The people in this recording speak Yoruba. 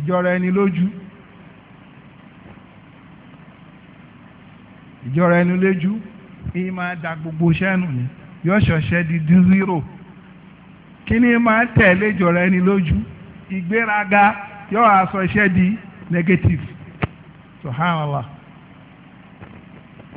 ìjọra ẹni lójú ìjọra ẹni lójú èyí máa da gbogbo sẹ́nu ni yóò ṣọ̀ṣẹ́ di dín zero kí ni máa tẹ̀lé ìjọra ẹni lójú ìgbéraga yóò aṣọ iṣẹ́ di negative subhanallah. So,